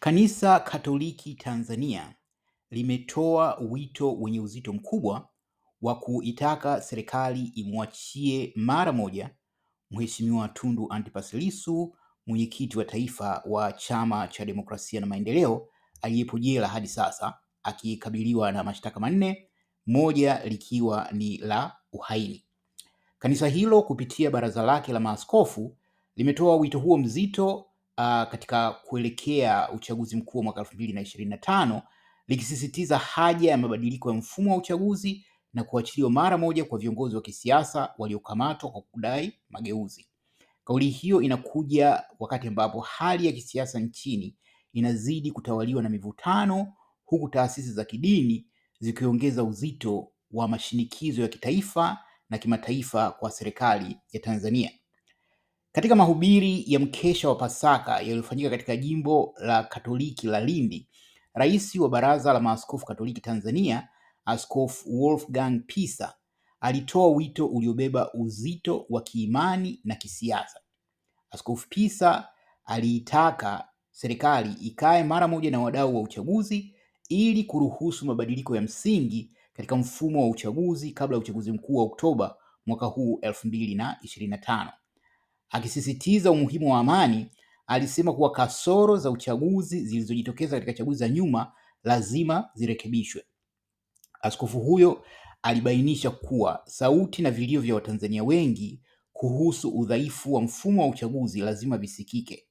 Kanisa Katoliki Tanzania limetoa wito wenye uzito mkubwa wa kuitaka serikali imwachie mara moja Mheshimiwa Tundu Antipas Lissu, mwenyekiti wa taifa wa Chama cha Demokrasia na Maendeleo, aliyepo jela hadi sasa akikabiliwa na mashtaka manne, moja likiwa ni la uhaini. Kanisa hilo kupitia baraza lake la maaskofu limetoa wito huo mzito uh, katika kuelekea uchaguzi mkuu wa mwaka elfu mbili na ishirini na tano likisisitiza haja ya mabadiliko ya mfumo wa uchaguzi na kuachiliwa mara moja kwa viongozi wa kisiasa waliokamatwa kwa kudai mageuzi. Kauli hiyo inakuja wakati ambapo hali ya kisiasa nchini inazidi kutawaliwa na mivutano, huku taasisi za kidini zikiongeza uzito wa mashinikizo ya kitaifa na kimataifa kwa serikali ya Tanzania. Katika mahubiri ya mkesha wa Pasaka yaliyofanyika katika jimbo la Katoliki la Lindi, Rais wa Baraza la Maaskofu Katoliki Tanzania, Askofu Wolfgang Pisa alitoa wito uliobeba uzito wa kiimani na kisiasa. Askofu Pisa aliitaka serikali ikae mara moja na wadau wa uchaguzi ili kuruhusu mabadiliko ya msingi katika mfumo wa uchaguzi kabla ya uchaguzi mkuu wa Oktoba mwaka huu 2025. Akisisitiza umuhimu wa amani, alisema kuwa kasoro za uchaguzi zilizojitokeza katika chaguzi za nyuma lazima zirekebishwe. Askofu huyo alibainisha kuwa sauti na vilio vya Watanzania wengi kuhusu udhaifu wa mfumo wa uchaguzi lazima visikike.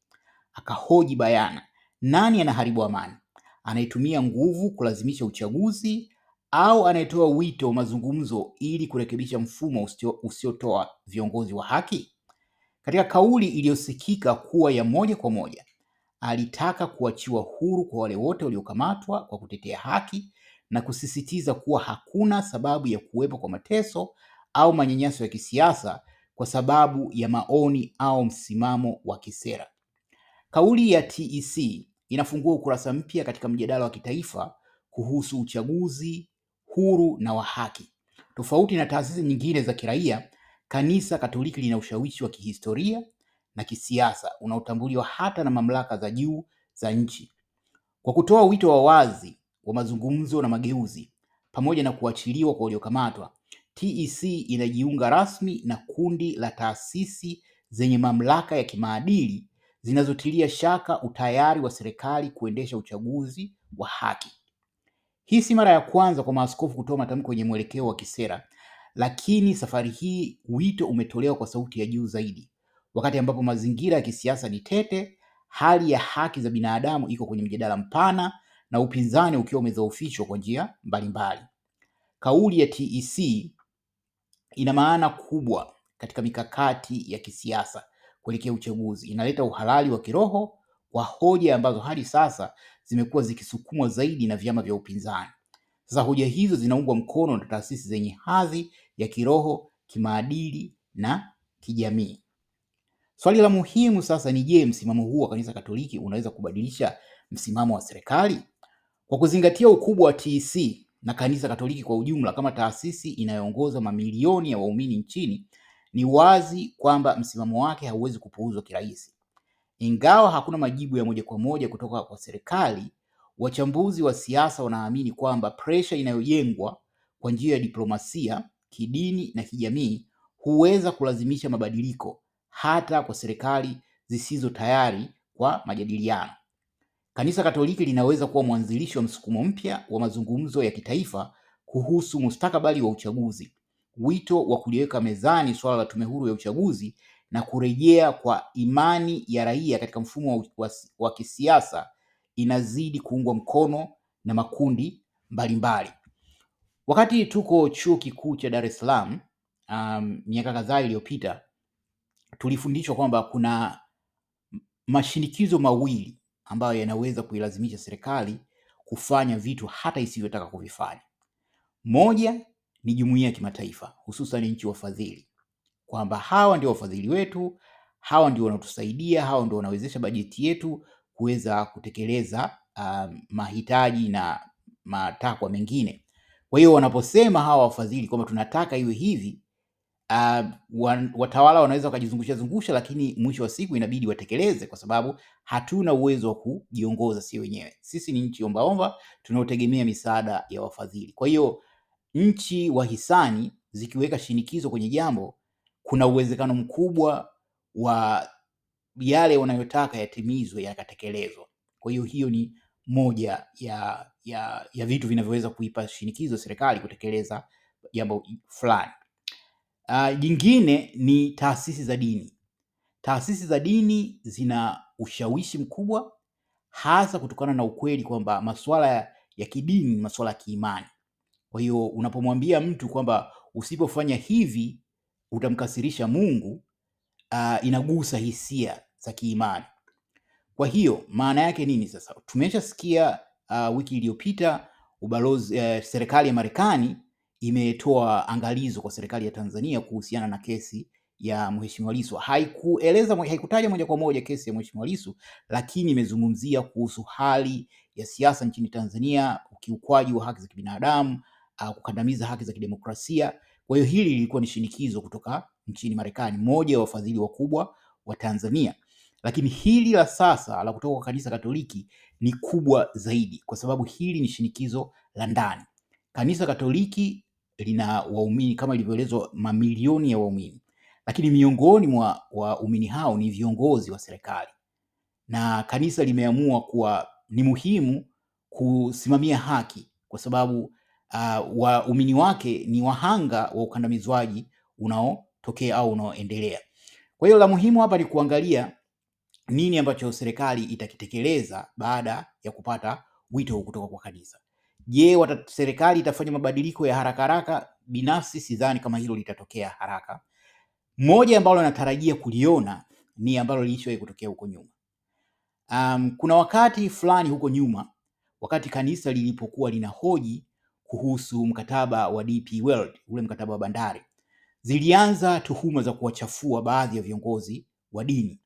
Akahoji bayana, nani anaharibu amani? Anayetumia nguvu kulazimisha uchaguzi au anayetoa wito wa mazungumzo ili kurekebisha mfumo usiotoa viongozi wa haki? Katika kauli iliyosikika kuwa ya moja kwa moja, alitaka kuachiwa huru kwa wale wote waliokamatwa kwa kutetea haki na kusisitiza kuwa hakuna sababu ya kuwepo kwa mateso au manyanyaso ya kisiasa kwa sababu ya maoni au msimamo wa kisera. Kauli ya TEC inafungua ukurasa mpya katika mjadala wa kitaifa kuhusu uchaguzi huru na wa haki. Tofauti na taasisi nyingine za kiraia, Kanisa Katoliki lina ushawishi wa kihistoria na kisiasa unaotambuliwa hata na mamlaka za juu za nchi. Kwa kutoa wito wa wazi wa mazungumzo na mageuzi pamoja na kuachiliwa kwa waliokamatwa, TEC inajiunga rasmi na kundi la taasisi zenye mamlaka ya kimaadili zinazotilia shaka utayari wa serikali kuendesha uchaguzi wa haki. Hii si mara ya kwanza kwa maaskofu kutoa matamko yenye mwelekeo wa kisera lakini safari hii wito umetolewa kwa sauti ya juu zaidi, wakati ambapo mazingira ya kisiasa ni tete, hali ya haki za binadamu iko kwenye mjadala mpana na upinzani ukiwa umedhoofishwa kwa njia mbalimbali. Kauli ya TEC ina maana kubwa katika mikakati ya kisiasa kuelekea uchaguzi. Inaleta uhalali wa kiroho kwa hoja ambazo hadi sasa zimekuwa zikisukumwa zaidi na vyama vya upinzani. Sasa hoja hizo zinaungwa mkono na taasisi zenye hadhi ya kiroho, kimaadili na kijamii. Swali la muhimu sasa ni je, msimamo huu wa Kanisa Katoliki unaweza kubadilisha msimamo wa serikali? Kwa kuzingatia ukubwa wa TEC na Kanisa Katoliki kwa ujumla kama taasisi inayoongoza mamilioni ya waumini nchini, ni wazi kwamba msimamo wake hauwezi kupuuzwa kirahisi. Ingawa hakuna majibu ya moja kwa moja kutoka kwa serikali, Wachambuzi wa siasa wanaamini kwamba presha inayojengwa kwa njia ya diplomasia, kidini na kijamii huweza kulazimisha mabadiliko hata kwa serikali zisizo tayari kwa majadiliano. Kanisa Katoliki linaweza kuwa mwanzilishi wa msukumo mpya wa mazungumzo ya kitaifa kuhusu mustakabali wa uchaguzi. Wito wa kuliweka mezani suala la tume huru ya uchaguzi na kurejea kwa imani ya raia katika mfumo wa, wa, wa kisiasa inazidi kuungwa mkono na makundi mbalimbali. Wakati tuko chuo kikuu cha Dar es Salaam um, miaka kadhaa iliyopita tulifundishwa kwamba kuna mashinikizo mawili ambayo yanaweza kuilazimisha serikali kufanya vitu hata isivyotaka kuvifanya. Moja ni jumuiya ya kimataifa, hususan nchi wafadhili, kwamba hawa ndio wafadhili wetu, hawa ndio wanatusaidia, hawa ndio wanawezesha bajeti yetu, kuweza kutekeleza uh, mahitaji na matakwa mengine. Kwa hiyo wanaposema hawa wafadhili kwamba tunataka iwe hivi uh, watawala wanaweza wakajizungusha zungusha, lakini mwisho wa siku inabidi watekeleze, kwa sababu hatuna uwezo wa kujiongoza si wenyewe. Sisi ni nchi ombaomba tunaotegemea misaada ya wafadhili. Kwa hiyo nchi wahisani zikiweka shinikizo kwenye jambo, kuna uwezekano mkubwa wa yale unayotaka yatimizwe yakatekelezwa. Kwa hiyo hiyo ni moja ya, ya, ya vitu vinavyoweza kuipa shinikizo serikali kutekeleza jambo fulani. Uh, jingine ni taasisi za dini. Taasisi za dini zina ushawishi mkubwa hasa kutokana na ukweli kwamba masuala ya kidini ni masuala ya kiimani. Kwa hiyo unapomwambia mtu kwamba usipofanya hivi utamkasirisha Mungu, uh, inagusa hisia za kiimani. Kwa hiyo maana yake nini sasa? Tumeshasikia uh, wiki iliyopita ubalozi uh, serikali ya Marekani imetoa angalizo kwa serikali ya Tanzania kuhusiana na kesi ya Mheshimiwa lisu Haikueleza, haikutaja moja kwa moja kesi ya Mheshimiwa lisu lakini imezungumzia kuhusu hali ya siasa nchini Tanzania, ukiukwaji wa haki za kibinadamu, uh, kukandamiza haki za kidemokrasia kwa hiyo hili lilikuwa ni shinikizo kutoka nchini Marekani, moja ya wafadhili wakubwa wa Tanzania. Lakini hili la sasa la kutoka kwa kanisa Katoliki ni kubwa zaidi, kwa sababu hili ni shinikizo la ndani. Kanisa Katoliki lina waumini kama ilivyoelezwa, mamilioni ya waumini, lakini miongoni mwa waumini hao ni viongozi wa serikali, na kanisa limeamua kuwa ni muhimu kusimamia haki, kwa sababu uh, waumini wake ni wahanga wa ukandamizwaji unaotokea au unaoendelea. Kwa hiyo la muhimu hapa ni kuangalia nini ambacho serikali itakitekeleza baada ya kupata wito kutoka kwa kanisa. Je, serikali itafanya mabadiliko ya haraka haraka? Binafsi sidhani kama hilo litatokea haraka. Moja ambalo natarajia kuliona ni ambalo lilishawahi kutokea huko nyuma. Um, kuna wakati fulani huko nyuma wakati kanisa lilipokuwa linahoji kuhusu mkataba wa DP World, ule mkataba wa bandari, zilianza tuhuma za kuwachafua baadhi ya viongozi wa dini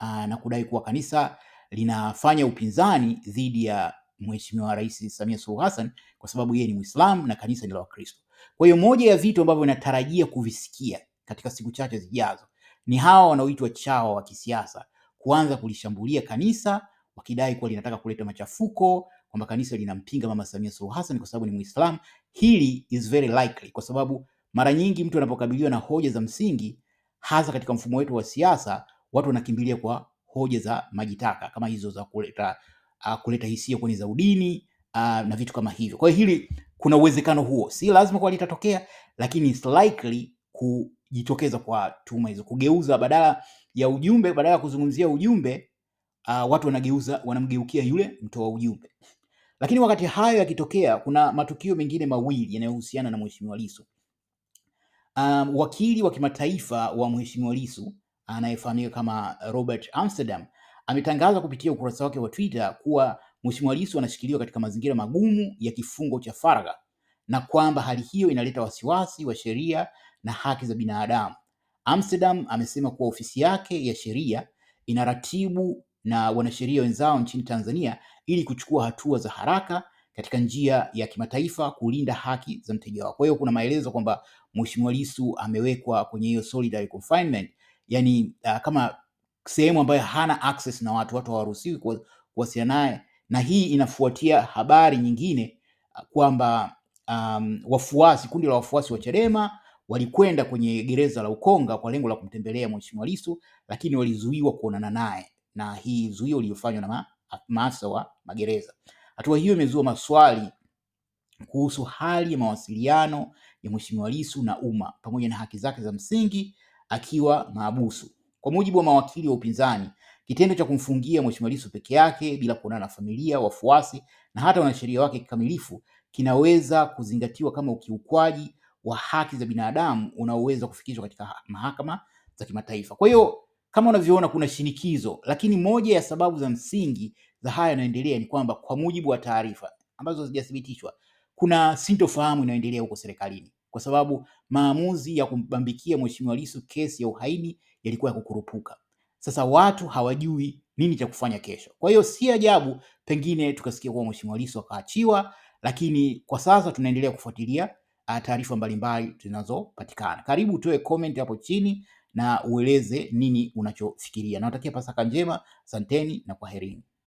na kudai kuwa kanisa linafanya upinzani dhidi ya Mheshimiwa Rais Samia Suluhu Hassan kwa sababu yeye ni Muislamu na kanisa ni la Wakristo. Kwa hiyo moja ya vitu ambavyo natarajia kuvisikia katika siku chache zijazo ni hawa wanaoitwa chawa wa kisiasa kuanza kulishambulia kanisa wakidai kuwa linataka kuleta machafuko kwamba kanisa linampinga Mama Samia Suluhu Hassan kwa sababu ni Muislamu. Hili is very likely, kwa sababu mara nyingi mtu anapokabiliwa na hoja za msingi, hasa katika mfumo wetu wa siasa, watu wanakimbilia kwa hoja za majitaka kama hizo za kuleta, uh, kuleta hisia kwenye za udini uh, na vitu kama hivyo. Kwa hiyo hili kuna uwezekano huo, si lazima kwa litatokea, lakini it's likely kujitokeza kwa tuma hizo, kugeuza badala ya ujumbe, badala ya kuzungumzia ujumbe uh, watu wanageuza, wanamgeukia yule mtoa ujumbe. Lakini wakati hayo yakitokea, kuna matukio mengine mawili yanayohusiana na Mheshimiwa Lissu. Um, wakili wa kimataifa wa Mheshimiwa Lissu anayefahamika kama Robert Amsterdam ametangaza kupitia ukurasa wake wa Twitter kuwa Mheshimiwa Lissu anashikiliwa katika mazingira magumu ya kifungo cha faragha na kwamba hali hiyo inaleta wasiwasi wa sheria na haki za binadamu. Amsterdam amesema kuwa ofisi yake ya sheria inaratibu na wanasheria wenzao nchini Tanzania ili kuchukua hatua za haraka katika njia ya kimataifa kulinda haki za mteja wao. Kwa hiyo kuna maelezo kwamba Mheshimiwa Lissu amewekwa kwenye hiyo solitary confinement, yani uh, kama sehemu ambayo hana access na watu, watu hawaruhusiwi kuwasiliana naye, na hii inafuatia habari nyingine ah, kwamba um, wafuasi kundi la wafuasi wa Chadema walikwenda kwenye gereza la Ukonga kwa lengo la kumtembelea Mheshimiwa Lissu, lakini walizuiwa kuonana naye, na hii zuio iliyofanywa na maafisa wa magereza. Hatua hiyo imezua maswali kuhusu hali ya mawasiliano ya Mheshimiwa Lissu na umma pamoja na haki zake za msingi akiwa mahabusu. Kwa mujibu wa mawakili wa upinzani, kitendo cha kumfungia Mheshimiwa Lissu peke yake bila kuonana na familia, wafuasi na hata wanasheria wake kikamilifu kinaweza kuzingatiwa kama ukiukwaji wa haki za binadamu unaoweza kufikishwa katika mahakama za kimataifa. Kwa hiyo kama unavyoona kuna shinikizo, lakini moja ya sababu za msingi za haya yanaendelea ni kwamba kwa mujibu wa taarifa ambazo hazijathibitishwa, kuna sintofahamu inayoendelea huko serikalini, kwa sababu maamuzi ya kumbambikia Mheshimiwa Lissu kesi ya uhaini yalikuwa ya kukurupuka. Sasa watu hawajui nini cha kufanya kesho. Kwa hiyo si ajabu pengine tukasikia kuwa Mheshimiwa Lissu akaachiwa, lakini kwa sasa tunaendelea kufuatilia ah, taarifa mbalimbali zinazopatikana. Karibu utoe comment hapo chini na ueleze nini unachofikiria. Nawatakia Pasaka njema, asanteni na kwaherini.